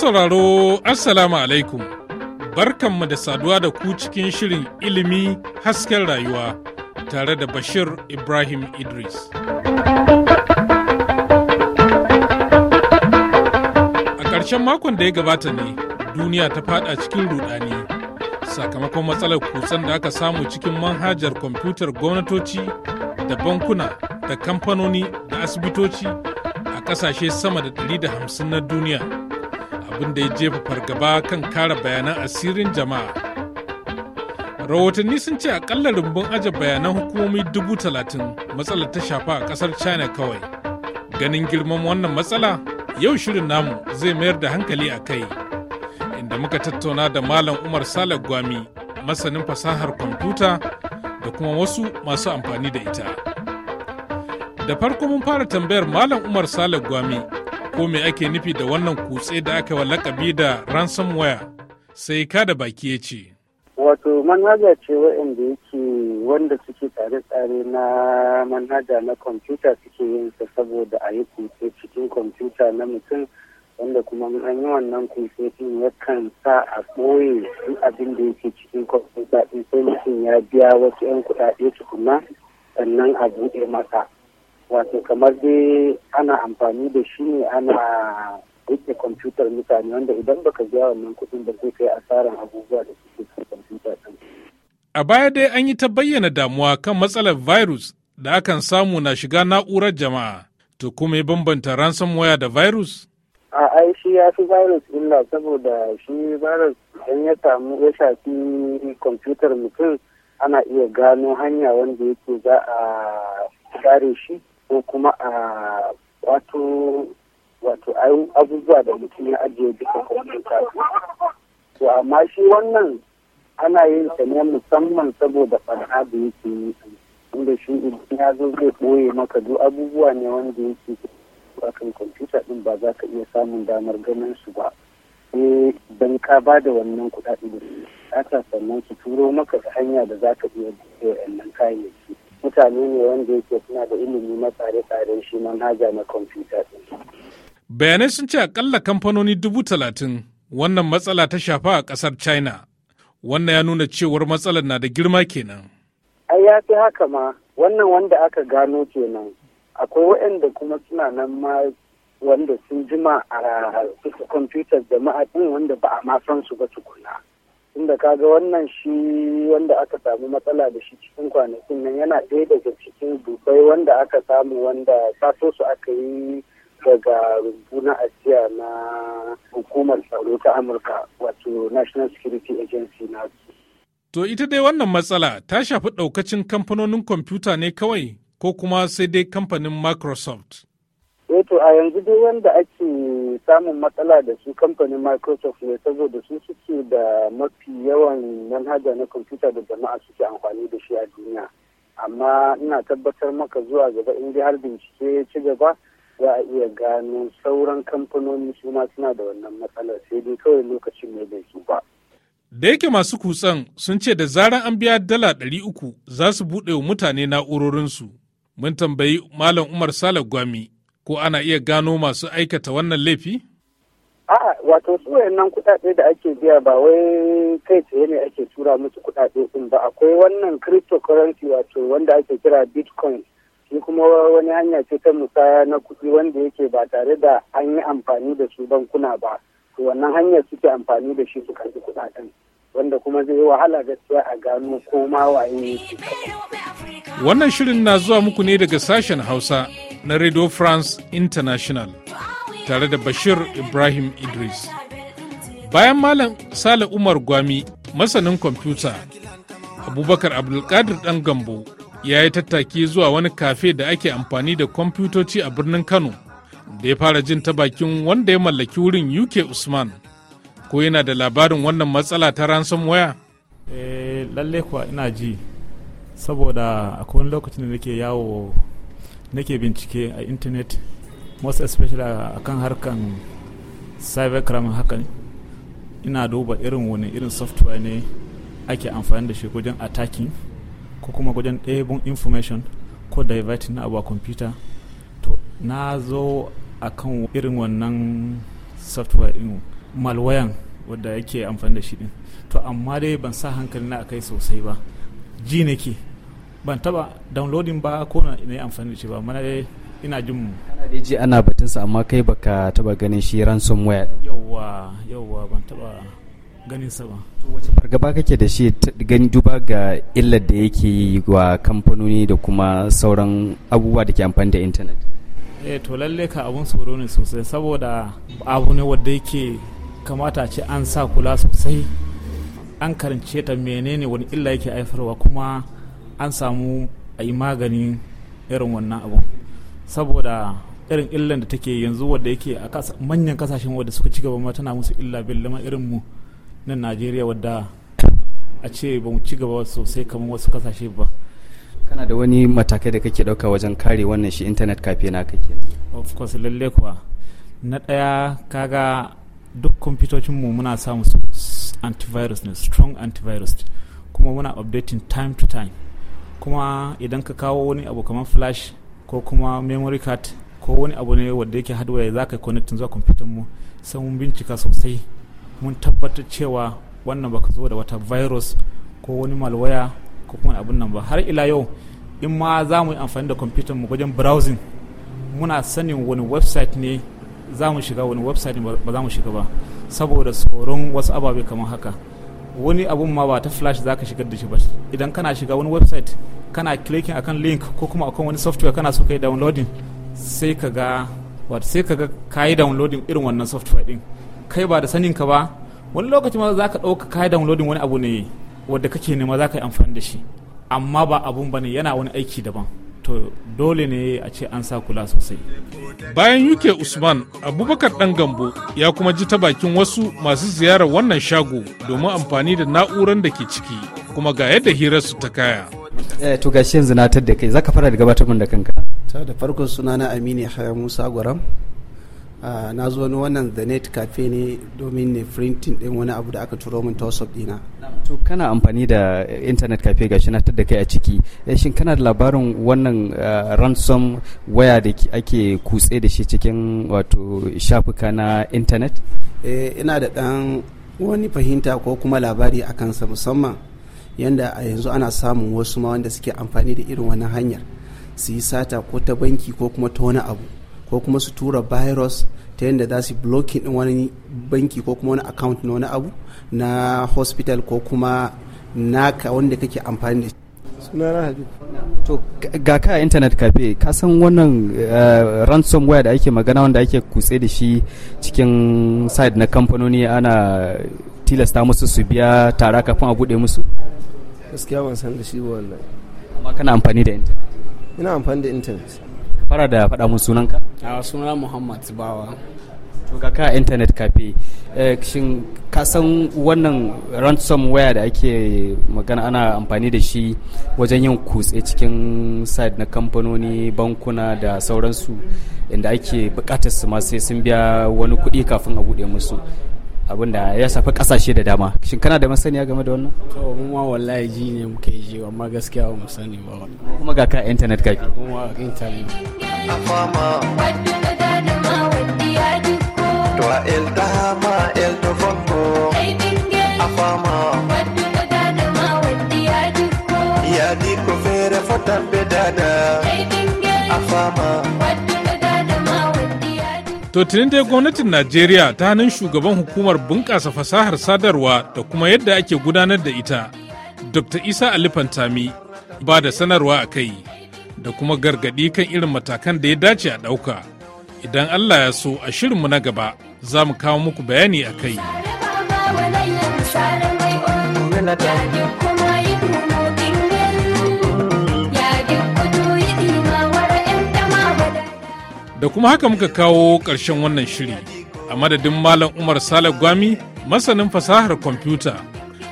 sauraro Assalamu alaikum, barkanmu da saduwa da ku cikin shirin ilimi hasken rayuwa tare da Bashir Ibrahim Idris. A ƙarshen makon da ya gabata ne, duniya ta fada cikin rudani sakamakon matsalar kusan da aka samu cikin manhajar kwamfutar gwamnatoci da bankuna da kamfanoni da asibitoci a kasashe sama da 150 na duniya abin da ya jefa fargaba kan kara bayanan asirin jama'a rahotanni sun ce akalla rumbun aje bayanan hukumomi dubu talatin matsalar ta shafa a kasar china kawai ganin girman wannan matsala yau shirin namu zai mayar da hankali a kai inda muka tattauna da malam umar salak gwami masanin fasahar kwamfuta da kuma wasu masu amfani da ita. da farko mun fara tambayar malam umar sale gwami ko me ake nufi da wannan kutse da aka walakabi lakabi da ransomware sai ka da baki ya ce wato manhaja ce waɗanda yake wanda suke tsare-tsare na manhaja na kwamfuta suke yin sa saboda a yi kutse cikin kwamfuta na mutum wanda kuma an yi wannan kutse din yakan sa a ɓoye duk abin da yake cikin kwamfuta din sai mutum ya biya wasu 'yan kuɗaɗe tukuna sannan a buɗe masa wato kamar dai ana amfani da shi ne ana rike kwamfutar mutane wanda idan baka biya wannan kuɗin ba zai kai asarar abubuwa da suke kan kwamfuta ɗin. A baya dai an yi ta bayyana damuwa kan matsalar virus da akan samu na shiga na'urar jama'a. To kuma bambanta ransomware da virus? A ai shi ya fi virus illa saboda shi virus idan ya samu ya shafi kwamfutar mutum ana iya gano hanya wanda yake za a kare shi ko kuma a wato wato abubuwa da mutum ya ajiye duka kwamfuta to amma shi wannan ana yin sa ne musamman saboda fara da yake yi wanda shi idan ya zo zai ɓoye maka duk abubuwa ne wanda yake a kan kwamfuta ɗin ba za ka iya samun damar ganin su ba sai eh, don ka ba da wannan kuɗaɗe da sannan su turo maka hanya da za ka iya biyan kayayyaki mutane ne wanda yake suna da ilimi na tsare-tsaren shi manhaja na kwamfuta ɗin. Bayanai sun ce akalla kamfanoni dubu talatin wannan matsala ta shafa a ƙasar China. Wannan ya nuna cewar matsalar na da girma kenan. Ai ya fi haka ma wannan wanda aka gano kenan. Akwai waɗanda kuma suna nan ma wanda sun jima a kwamfutar jama'a ɗin wanda ba a ma san su ba tukuna. tunda ga wannan shi wanda aka samu matsala da shi cikin kwanakin nan yana ɗaya daga cikin dubai wanda aka samu wanda sato su aka yi daga rumbu na asiya na hukumar tsaro ta amurka wato national security agency na to ita dai wannan matsala ta shafi ɗaukacin kamfanonin kwamfuta ne kawai ko kuma sai dai kamfanin microsoft to a yanzu dai wanda ake samun matsala da su kamfanin microsoft ne saboda su suke da mafi yawan manhaja na kwamfuta da jama'a suke amfani da shi a duniya amma ina tabbatar maka zuwa gaba in dai har bincike ya ci gaba za a iya gano sauran kamfanoni su ma suna da wannan matsalar sai dai kawai lokacin ne bai su ba. Da yake masu kutsan sun ce da zaran an biya dala ɗari uku za su buɗe wa mutane na'urorinsu. Mun tambayi Malam Umar Sale Gwami ko ana iya gano masu aikata wannan laifi? A'a, wato su wayannan kuɗaɗe da ake biya ba wai kai tsaye ne ake tura musu kuɗaɗe ɗin ba akwai wannan cryptocurrency wato wanda ake kira bitcoin shi kuma wani hanya ce ta musaya na kuɗi wanda yake ba tare da an yi amfani da su bankuna ba to wannan hanyar suke amfani da shi su karɓi kuɗaɗen wanda kuma zai yi wahala gaskiya a gano ko ma waye wannan shirin na zuwa muku ne daga sashen hausa na Radio France International tare da Bashir Ibrahim Idris. Bayan Malam Sale Umar Gwami, masanin kwamfuta, Abubakar Abdulkadir ɗan Gambo ya yi tattaki zuwa wani kafe da ake amfani da kwamfutoci a birnin Kano, da ya fara jin ta bakin wanda ya mallaki wurin UK Usman. Ko yana da labarin wannan matsala ta ransomware? Eh, lalle kuwa ina ji, saboda akwai lokacin da nake yawo nake bincike a internet most especially a kan harkan cybercrime hakan ina duba irin wani irin software ne ake amfani da shi wajen attacking ko kuma wajen ɗebin information ko diverting na abuwa computer to na zo a kan irin wannan software ɗin malwayan wadda yake amfani da shi din to amma dai ban sa hankali na akai sosai ba ji nake ban taba downloading ba ko na yi amfani da shi ba mana dai ina jin mu ana da ana batun sa amma kai baka taba ganin shi ransomware yawwa yawwa ban taba ganin sa ba wace fargaba kake da shi gani duba ga illar da yake yi wa kamfanoni da kuma sauran abubuwa da ke amfani da intanet eh to lalle ka abun tsoro ne sosai saboda abu ne wanda yake kamata ce an sa kula sosai an karance ta menene wani illa yake haifarwa kuma an samu a yi maganin irin wannan abu saboda irin illan da take yanzu wadda yake a manyan kasashen wadda suka ci gaba ma tana musu illa billama irin mu na najeriya wadda a ce ba mu ci gaba sosai kamar wasu kasashe ba kana da wani matakai da kake dauka wajen kare wannan shi internet kafe na kake of course lalle kuwa na daya kaga duk kwamfutocin mu muna samu antivirus ne strong antivirus kuma muna updating time to time kuma idan ka kawo wani abu kamar flash ko kuma memory card ko wani abu ne wanda yake hardware za ka connecting zuwa kwamfutar mu sai mun bincika sosai mun tabbatar cewa wannan baka zo da wata virus ko wani malwaya ko kuma abun nan ba har ila yau in ma za mu yi amfani da kwamfutar mu wajen browsing muna sanin wani website ne za mu shiga wani website ba za mu shiga ba saboda tsoron wasu ababe kamar haka wani abun ma ba ta flash za ka shigar da shi ba idan kana shiga wani website kana clicking akan link ko kuma akan wani software kana so kai downloading sai ka ga wato sai ka ga kai downloading irin wannan software din kai ba da sanin ka ba wani lokaci ma za ka ɗauka kayi downloading wani abu ne wadda kake nema zaka yi amfani da shi amma ba abun ba yana wani aiki daban to dole ne a ce an sa kula sosai bayan uk usman abubakar ɗan gambo ya kuma ji ta bakin wasu masu ziyarar wannan shago domin amfani da na'uran da ke ciki kuma ga yadda hirar su ta kaya eh to gashi yanzu na da kai zaka fara da gabatar da kanka ta da farko sunana amini haya musa gwaram Ah, na zo wani wannan the net cafe ne domin ne printing din wani abu da aka turo min ta whatsapp dina to kana amfani da eh, internet cafe gashi na da kai a ciki eh, shin kana da labarin wannan eh, ransom waya da ake kutse da shi cikin wato shafuka na internet ina da dan wani fahimta ko kuma labari a kansa musamman yanda a yanzu ana samun wasu ma wanda suke amfani da irin wannan hanyar su yi sata ko ta banki ko kuma ta wani abu ko kuma su tura virus ta yadda za su blocking din wani banki ko kuma wani account na wani abu na hospital ko kuma naka wanda kake amfani da shi sunana habib to ga ka internet cafe ka san wannan eh, ransomware da ake magana wanda ake kutse da shi cikin side na kamfanoni ana tilasta musu su biya tara kafin a bude musu gaskiya ban san da shi ba wallahi amma kana amfani da internet ina amfani da internet fara da faɗa mun sunanka a suna muhammad bawa to ka internet cafe eh, shin ka san wannan ransomware da ake magana ana amfani da shi wajen yin kutse cikin site na kamfanoni bankuna da sauransu inda ake bukatar su ma sai sun biya wani kuɗi kafin a buɗe musu abin da ya shafi kasashe da dama shin kana da masaniya game da wannan to mu ma wallahi ji ne muke ji amma gaskiya ba mu sani ba kuma ga ka internet ka ke. kuma internet wadda da To tunin dai gwamnatin Najeriya ta hannun shugaban hukumar bunƙasa fasahar sadarwa da kuma yadda ake gudanar da ita, Dr. Isa Ali Fantami ba da sanarwa a kai da kuma gargaɗi kan irin matakan da ya dace a ɗauka. Idan Allah ya so a shirinmu na gaba za mu kawo muku bayani a kai. Da kuma haka muka kawo ƙarshen wannan shiri a madadin Malam Umar Sale Gwami masanin fasahar kwamfuta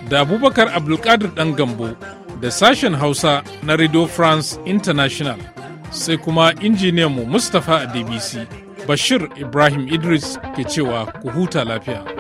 da Abubakar Abdulkadir ɗan gambo da sashen Hausa na Radio France International sai kuma injiniyanmu Mustapha a DBC Bashir Ibrahim Idris ke cewa ku huta lafiya.